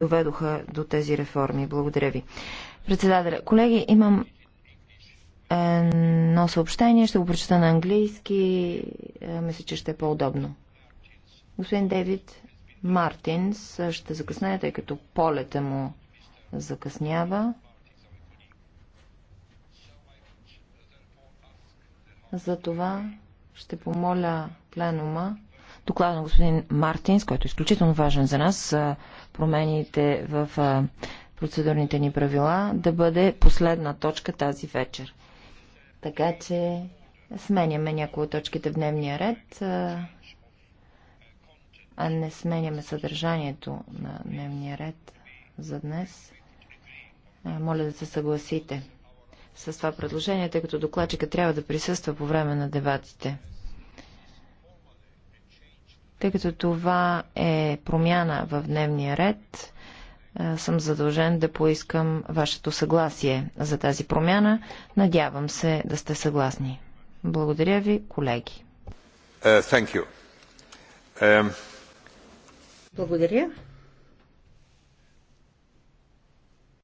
доведоха до тези реформи. Благодаря ви. Председателя, колеги, имам едно съобщение, ще го прочета на английски, е, мисля, че ще е по-удобно. Господин Дейвид Мартинс е, ще закъснее, тъй като полета му закъснява. Затова ще помоля пленума доклада на господин Мартинс, който е изключително важен за нас, е, промените в процедурните ни правила да бъде последна точка тази вечер. Така че сменяме някои от точките в дневния ред, а не сменяме съдържанието на дневния ред за днес. Моля да се съгласите с това предложение, тъй като докладчика трябва да присъства по време на дебатите. Тъй като това е промяна в дневния ред, е, съм задължен да поискам вашето съгласие за тази промяна. Надявам се да сте съгласни. Благодаря ви, колеги. Uh, um... Благодаря.